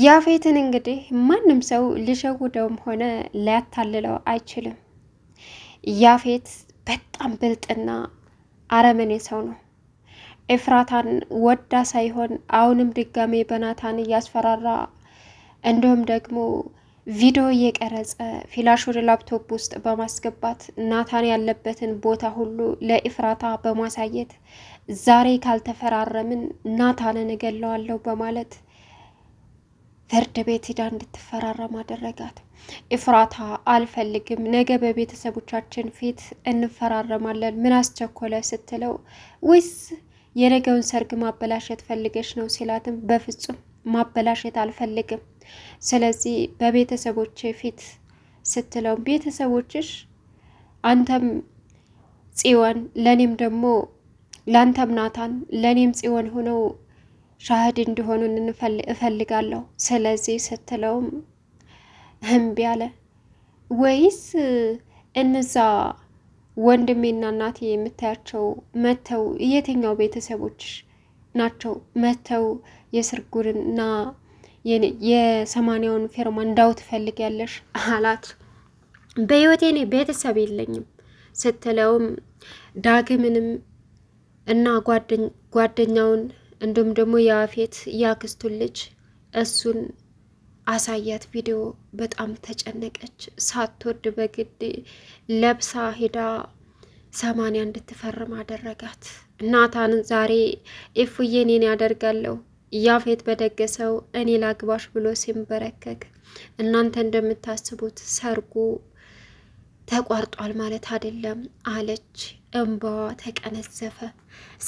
ያፌትን እንግዲህ ማንም ሰው ሊሸውደውም ሆነ ሊያታልለው አይችልም። ያፌት በጣም ብልጥና አረመኔ ሰው ነው። ኤፍራታን ወዳ ሳይሆን አሁንም ድጋሜ በናታን እያስፈራራ እንዲሁም ደግሞ ቪዲዮ እየቀረጸ ፊላሽ ወደ ላፕቶፕ ውስጥ በማስገባት ናታን ያለበትን ቦታ ሁሉ ለኢፍራታ በማሳየት ዛሬ ካልተፈራረምን ናታንን እገለዋለሁ በማለት ፍርድ ቤት ሂዳ እንድትፈራረም አደረጋት። ኢፍራታ አልፈልግም፣ ነገ በቤተሰቦቻችን ፊት እንፈራረማለን፣ ምን አስቸኮለ ስትለው ወይስ የነገውን ሰርግ ማበላሸት ፈልገች ነው ሲላትም በፍጹም ማበላሸት አልፈልግም፣ ስለዚህ በቤተሰቦች ፊት ስትለው ቤተሰቦችሽ አንተም ጽዮን ለእኔም ደግሞ ለአንተም ናታን ለእኔም ጽዮን ሆነው ሻህድ እንዲሆኑ እፈልጋለሁ ስለዚህ ስትለውም እምቢ አለ። ወይስ እነዛ ወንድሜና እናቴ የምታያቸው መተው የትኛው ቤተሰቦች ናቸው መተው የስርጉርና የሰማንያውን ፌርማ እንዳው ትፈልጊያለሽ አላት። በህይወቴ እኔ ቤተሰብ የለኝም ስትለውም ዳግምንም እና ጓደኛውን እንዲሁም ደግሞ የአፌት ያክስቱን ልጅ እሱን አሳያት ቪዲዮ በጣም ተጨነቀች። ሳትወድ በግድ ለብሳ ሄዳ ሰማንያ እንድትፈርም አደረጋት። እናታን ዛሬ ኢፉዬ እኔን ያደርጋለሁ ያፌት በደገሰው እኔ ላግባሽ ብሎ ሲንበረከክ እናንተ እንደምታስቡት ሰርጉ ተቋርጧል ማለት አይደለም አለች። እንባዋ ተቀነዘፈ።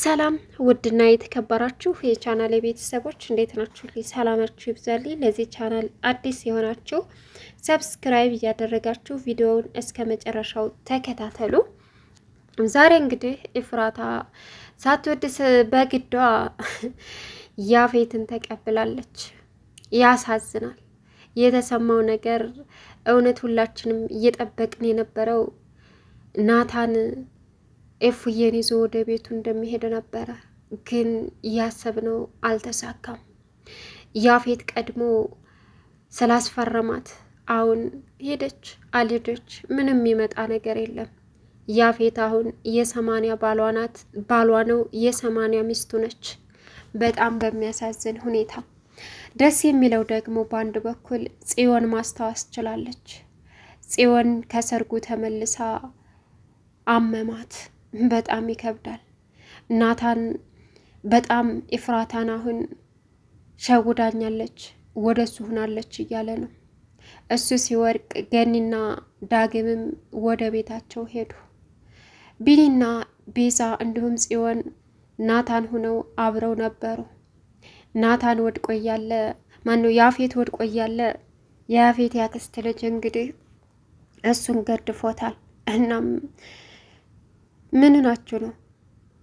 ሰላም ውድና የተከበራችሁ የቻናል የቤተሰቦች እንዴት ናችሁ? ሰላማችሁ ይብዛልኝ። ለዚህ ቻናል አዲስ የሆናችሁ ሰብስክራይብ እያደረጋችሁ ቪዲዮውን እስከ መጨረሻው ተከታተሉ። ዛሬ እንግዲህ ኢፍራታ ሳትወድስ በግዷ ያፌትን ተቀብላለች። ያሳዝናል። የተሰማው ነገር እውነት ሁላችንም እየጠበቅን የነበረው ናታን ኤፉዬን ይዞ ወደ ቤቱ እንደሚሄድ ነበረ፣ ግን ያሰብነው አልተሳካም። ያፌት ቀድሞ ስላስፈረማት አሁን ሄደች አልሄደች ምንም ይመጣ ነገር የለም። ያፌት አሁን የሰማንያ ባሏ ናት ባሏ ነው የሰማንያ ሚስቱ ነች። በጣም በሚያሳዝን ሁኔታ ደስ የሚለው ደግሞ በአንድ በኩል ጽዮን ማስታወስ ችላለች። ጽዮን ከሰርጉ ተመልሳ አመማት። በጣም ይከብዳል። ናታን በጣም ኢፍራታን አሁን ሸውዳኛለች፣ ወደ እሱ ሁናለች እያለ ነው። እሱ ሲወድቅ ገኒና ዳግምም ወደ ቤታቸው ሄዱ። ቢኒና ቤዛ እንዲሁም ጽዮን ናታን ሁነው አብረው ነበሩ። ናታን ወድቆ እያለ ማነው ያፌት ወድቆ እያለ የያፌት ያክስት ልጅ እንግዲህ እሱን ገድፎታል። እናም ምን ናችሁ ነው?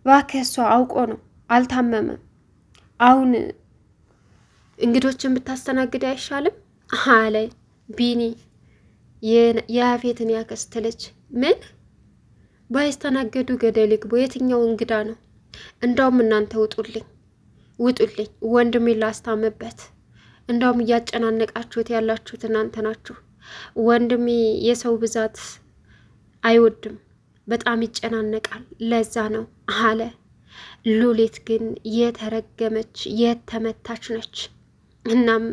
እባክህ እሷ አውቆ ነው አልታመመም። አሁን እንግዶችን ብታስተናግድ አይሻልም አለ ቢኒ። የያፌትን ያክስት ልጅ ምን ባይስተናገዱ ገደል ይግቡ። የትኛው እንግዳ ነው? እንዳውም እናንተ ውጡልኝ፣ ውጡልኝ ወንድሜ ላስታምበት። እንዳውም እያጨናነቃችሁት ያላችሁት እናንተ ናችሁ። ወንድሜ የሰው ብዛት አይወድም። በጣም ይጨናነቃል። ለዛ ነው አለ። ሉሊት ግን የተረገመች የተመታች ነች። እናም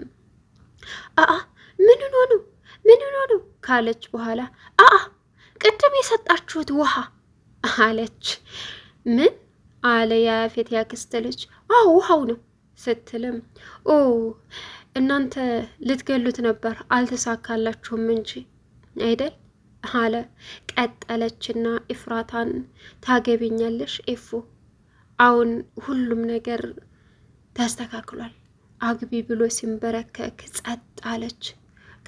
አአ ምን ሆኖ ነው ምን ሆኖ ነው ካለች በኋላ አአ ቅድም የሰጣችሁት ውሃ አለች። ምን አለ የአፌት ያክስት ልጅ። አዎ ውሃው ነው ስትልም ኦ እናንተ ልትገሉት ነበር አልተሳካላችሁም እንጂ አይደል አለ። ቀጠለችና ኢፍራታን ታገቢኛለሽ ኤፎ፣ አሁን ሁሉም ነገር ተስተካክሏል፣ አግቢ ብሎ ሲንበረከክ ጸጥ አለች።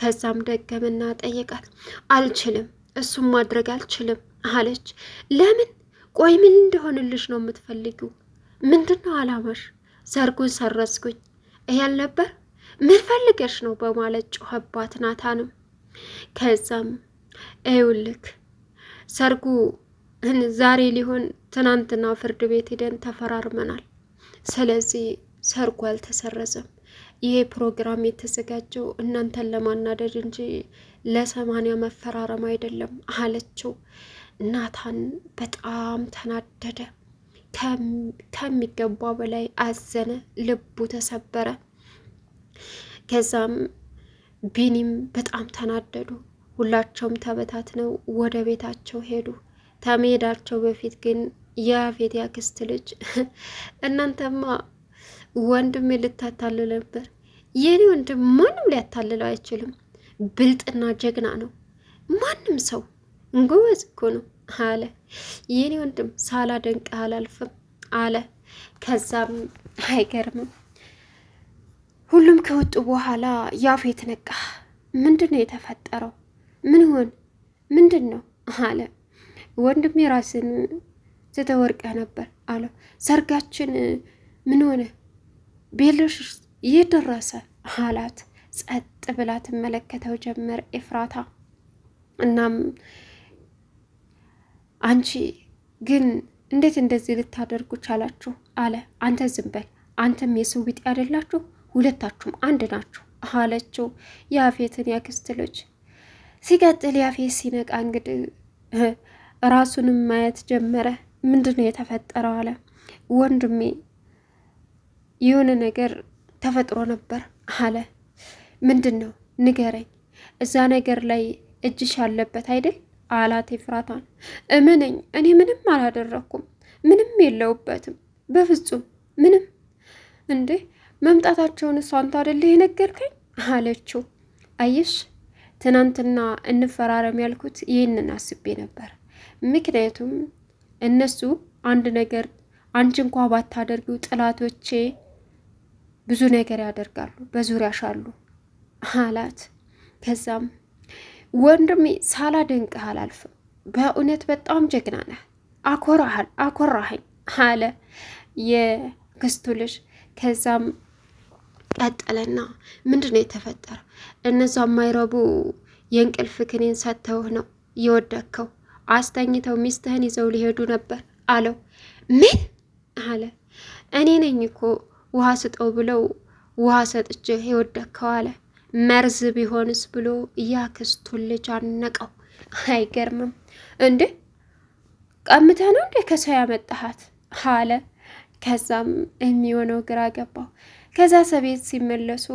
ከዛም ደገምና ጠየቃት። አልችልም፣ እሱም ማድረግ አልችልም አለች። ለምን? ቆይ ምን እንደሆንልሽ ነው የምትፈልጊው? ምንድን ነው አላማሽ? ሰርጉን ሰረዝጉኝ እያል ነበር ምን ፈልገሽ ነው በማለት ጮኸባት ናታንም ከዛም ይኸውልህ ሰርጉ ዛሬ ሊሆን ትናንትና ፍርድ ቤት ሄደን ተፈራርመናል። ስለዚህ ሰርጉ አልተሰረዘም። ይሄ ፕሮግራም የተዘጋጀው እናንተን ለማናደድ እንጂ ለሰማንያ መፈራረም አይደለም አለችው። ናታን በጣም ተናደደ። ከሚገባ በላይ አዘነ፣ ልቡ ተሰበረ። ከዛም ቢኒም በጣም ተናደዱ። ሁላቸውም ተበታትነው ወደ ቤታቸው ሄዱ። ከመሄዳቸው በፊት ግን የአፌት ያክስት ልጅ እናንተማ ወንድም ልታታልል ነበር። የኔ ወንድም ማንም ሊያታልለው አይችልም። ብልጥና ጀግና ነው። ማንም ሰው እንጎበዝ እኮ ነው አለ የኔ ወንድም። ሳላደንቅ አላልፍም አለ። ከዛም አይገርምም ሁሉም ከወጡ በኋላ ያፌት ነቃ። ምንድን ነው የተፈጠረው? ምን ሆን ምንድን ነው አለ ወንድሜ። ራስን ስተወርቀ ነበር አለ ሰርጋችን ምን ሆነ ቤሎሽ ይህ ደረሰ አላት። ጸጥ ብላ ትመለከተው ጀመር ኤፍራታ። እናም አንቺ ግን እንዴት እንደዚህ ልታደርጉ ቻላችሁ? አለ። አንተ ዝም በል አንተም የሰው ቢጤ አይደላችሁ ሁለታችሁም አንድ ናችሁ አለችው። የአፌትን ያክስት ልጅ ሲቀጥል ያፌት ሲነቃ እንግዲህ ራሱንም ማየት ጀመረ። ምንድን ነው የተፈጠረው አለ። ወንድሜ የሆነ ነገር ተፈጥሮ ነበር አለ። ምንድን ነው ንገረኝ። እዛ ነገር ላይ እጅሽ አለበት አይደል አላት ኤፍራታን። እመነኝ፣ እኔ ምንም አላደረኩም፣ ምንም የለውበትም፣ በፍጹም ምንም። እንዴ መምጣታቸውን እሷ አንተ አይደል የነገርከኝ አለችው። አየሽ ትናንትና እንፈራረም ያልኩት ይህንን አስቤ ነበር። ምክንያቱም እነሱ አንድ ነገር አንቺ እንኳ ባታደርጊው ጥላቶቼ ብዙ ነገር ያደርጋሉ፣ በዙሪያሽ አሉ አላት። ከዛም ወንድሜ ሳላደንቅህ አላልፍም፣ በእውነት በጣም ጀግና ነህ፣ አኮራሃል አኮራኸኝ አለ የክስቱ ልጅ ከዛም ቀጠለና ምንድን ነው የተፈጠረ? እነዛ የማይረቡ የእንቅልፍ ክኒን ሰጥተውህ ነው የወደቅከው። አስተኝተው ሚስትህን ይዘው ሊሄዱ ነበር አለው። ምን አለ? እኔ ነኝ እኮ ውሃ ስጠው ብለው ውሃ ሰጥቼህ የወደቅከው አለ። መርዝ ቢሆንስ ብሎ ያክስቱን ልጅ አነቀው። አይገርምም እንዴ! ቀምተ ነው እንዴ ከሰው ያመጣሃት አለ ከዛም የሚሆነው ግራ ገባው። ከዛ ሰቤት ሲመለሱ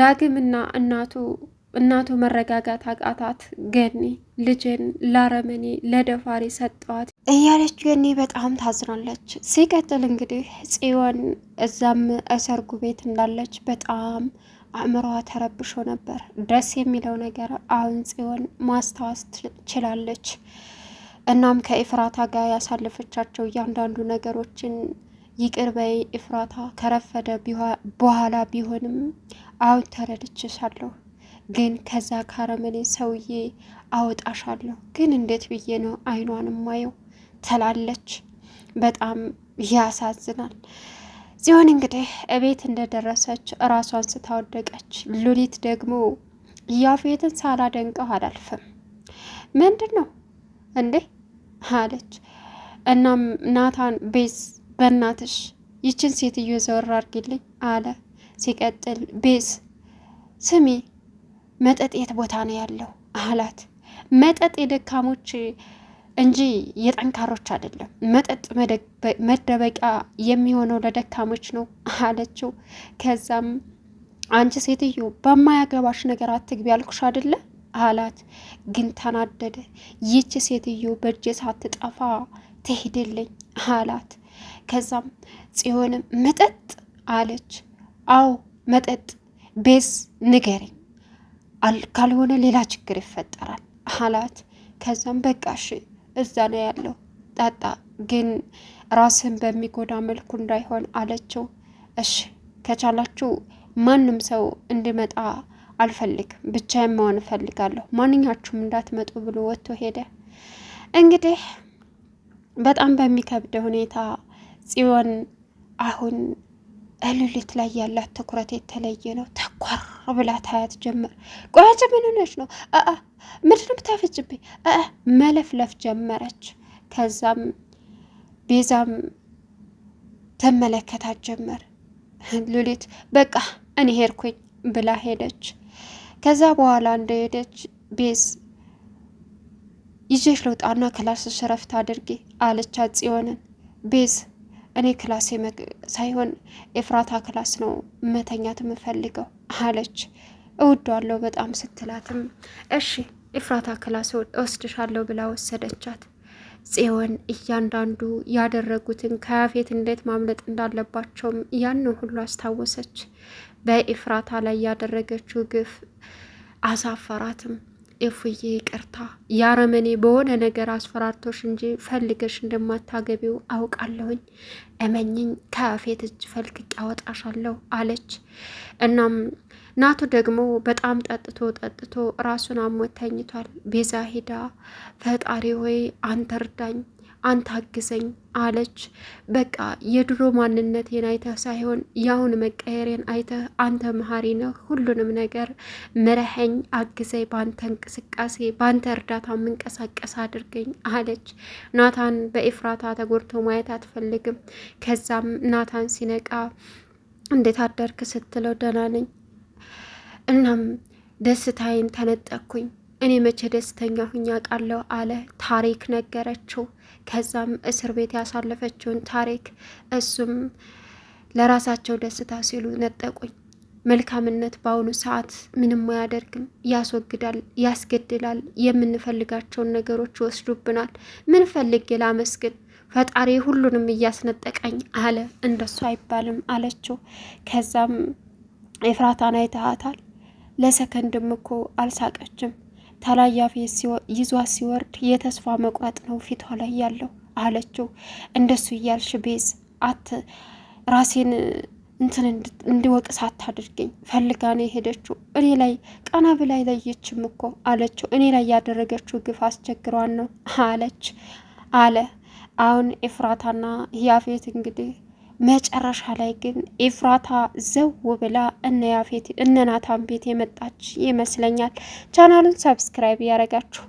ዳግምና እናቱ እናቱ መረጋጋት አቃታት። ገኒ ልጅን ላረመኔ ለደፋሪ ሰጠዋት እያለች ገኒ በጣም ታዝናለች። ሲቀጥል እንግዲህ ጽዮን እዛም እሰርጉ ቤት እንዳለች በጣም አእምሯ ተረብሾ ነበር። ደስ የሚለው ነገር አሁን ጽዮን ማስታወስ ችላለች። እናም ከኤፍራታ ጋር ያሳለፈቻቸው እያንዳንዱ ነገሮችን ይቅር በይ ከረፈደ በኋላ ቢሆንም አሁን ተረድቼሻለሁ፣ ግን ከዛ ካረመኔ ሰውዬ አወጣሻለሁ፣ ግን እንዴት ብዬ ነው አይኗን ማየው ትላለች። በጣም ያሳዝናል። ጽዮን እንግዲህ እቤት እንደደረሰች እራሷን ስታወደቀች፣ ሉሊት ደግሞ ያፌትን ሳላደንቀው አላልፍም። ምንድን ነው እንዴ አለች። እናም ናታን ቤዝ በእናትሽ ይችን ሴትዮ ዘወር አድርጊልኝ አለ። ሲቀጥል ቤዝ ስሚ መጠጥ የት ቦታ ነው ያለው አላት። መጠጥ የደካሞች እንጂ የጠንካሮች አይደለም። መጠጥ መደበቂያ የሚሆነው ለደካሞች ነው አለችው። ከዛም አንቺ ሴትዮ በማያገባሽ ነገር አትግቢ ያልኩሽ አይደለ አላት። ግን ተናደደ። ይች ሴትዮ በእጅ ሳትጠፋ ትሄድልኝ አላት። ከዛም ጽዮንም መጠጥ አለች። አዎ መጠጥ ቤዝ ንገረኝ ካልሆነ ሌላ ችግር ይፈጠራል አላት። ከዛም በቃሽ እዛ ነው ያለው ጠጣ፣ ግን ራስን በሚጎዳ መልኩ እንዳይሆን አለችው። እሺ ከቻላችሁ ማንም ሰው እንዲመጣ አልፈልግም፣ ብቻዬን መሆን እፈልጋለሁ፣ ማንኛችሁም እንዳትመጡ ብሎ ወጥቶ ሄደ። እንግዲህ በጣም በሚከብድ ሁኔታ ጽዮን አሁን እሉሊት ላይ ያላት ትኩረት የተለየ ነው። ተኳር ብላ ታያት ጀመር። ቆያጭ ምን ሆነች ነው ምንድን ብታፈጅብኝ መለፍለፍ ጀመረች። ከዛም ቤዛም ተመለከታት ጀመር። ሉሊት በቃ እኔ ሄድኩኝ ብላ ሄደች። ከዛ በኋላ እንደሄደች ቤዝ ይዤሽ ልውጣና ክላስ ሸረፍት አድርጊ አለቻት ጽዮንን። ቤዝ እኔ ክላስ ሳይሆን ኤፍራታ ክላስ ነው መተኛት የምፈልገው አለች። እወዳለሁ በጣም ስትላትም እሺ ኤፍራታ ክላስ ወስድሻለሁ ብላ ወሰደቻት። ጽዮን እያንዳንዱ ያደረጉትን ከያፌት እንዴት ማምለጥ እንዳለባቸውም ያን ሁሉ አስታወሰች። በኢፍራታ ላይ ያደረገችው ግፍ አሳፈራትም። ኤፉዬ ይቅርታ፣ ያረመኔ በሆነ ነገር አስፈራርቶሽ እንጂ ፈልገሽ እንደማታገቢው አውቃለሁኝ። እመኝኝ ከፌት እጅ ፈልቅቄ አወጣሻለሁ አለች። እናም ናቱ ደግሞ በጣም ጠጥቶ ጠጥቶ ራሱን አሞት ተኝቷል። ቤዛ ሂዳ ፈጣሪ ሆይ አንተ እርዳኝ አንተ አግዘኝ አለች። በቃ የድሮ ማንነቴን አይተህ ሳይሆን ያሁን መቀየሬን አይተህ አንተ መሀሪ ነህ። ሁሉንም ነገር ምረኸኝ፣ አግዘኝ፣ በአንተ እንቅስቃሴ፣ በአንተ እርዳታ ምንቀሳቀስ አድርገኝ አለች። ናታን በኤፍራታ ተጎድቶ ማየት አትፈልግም። ከዛም ናታን ሲነቃ እንዴት አደርክ ስትለው ደህና ነኝ፣ እናም ደስታዬን ተነጠኩኝ። እኔ መቼ ደስተኛ ሁኛ ቃለሁ አለ ታሪክ ነገረችው። ከዛም እስር ቤት ያሳለፈችውን ታሪክ እሱም ለራሳቸው ደስታ ሲሉ ነጠቁኝ። መልካምነት በአሁኑ ሰዓት ምንም አያደርግም፣ ያስወግዳል፣ ያስገድላል፣ የምንፈልጋቸውን ነገሮች ይወስዱብናል። ምን ፈልጌ ላመስግን? ፈጣሪ ሁሉንም እያስነጠቀኝ አለ። እንደሱ አይባልም አለችው። ከዛም ኤፍራታን አይተሃታል? ለሰከንድም እኮ አልሳቀችም። ታላያፌ ይዟ ሲወርድ የተስፋ መቁረጥ ነው ፊቷ ላይ ያለው አለችው። እንደሱ እያልሽ ቤዝ አት ራሴን እንትን እንዲወቅ አታድርገኝ ፈልጋ ነው የሄደችው። እኔ ላይ ቀና ብላ ለየችም እኮ አለችው። እኔ ላይ ያደረገችው ግፍ አስቸግሯን ነው አለች አለ አሁን ኤፍራታና ያፌት እንግዲህ መጨረሻ ላይ ግን ኤፍራታ ዘው ብላ እነ ያፌት እነ ናታን ቤት የመጣች ይመስለኛል። ቻናሉን ሰብስክራይብ ያደረጋችሁ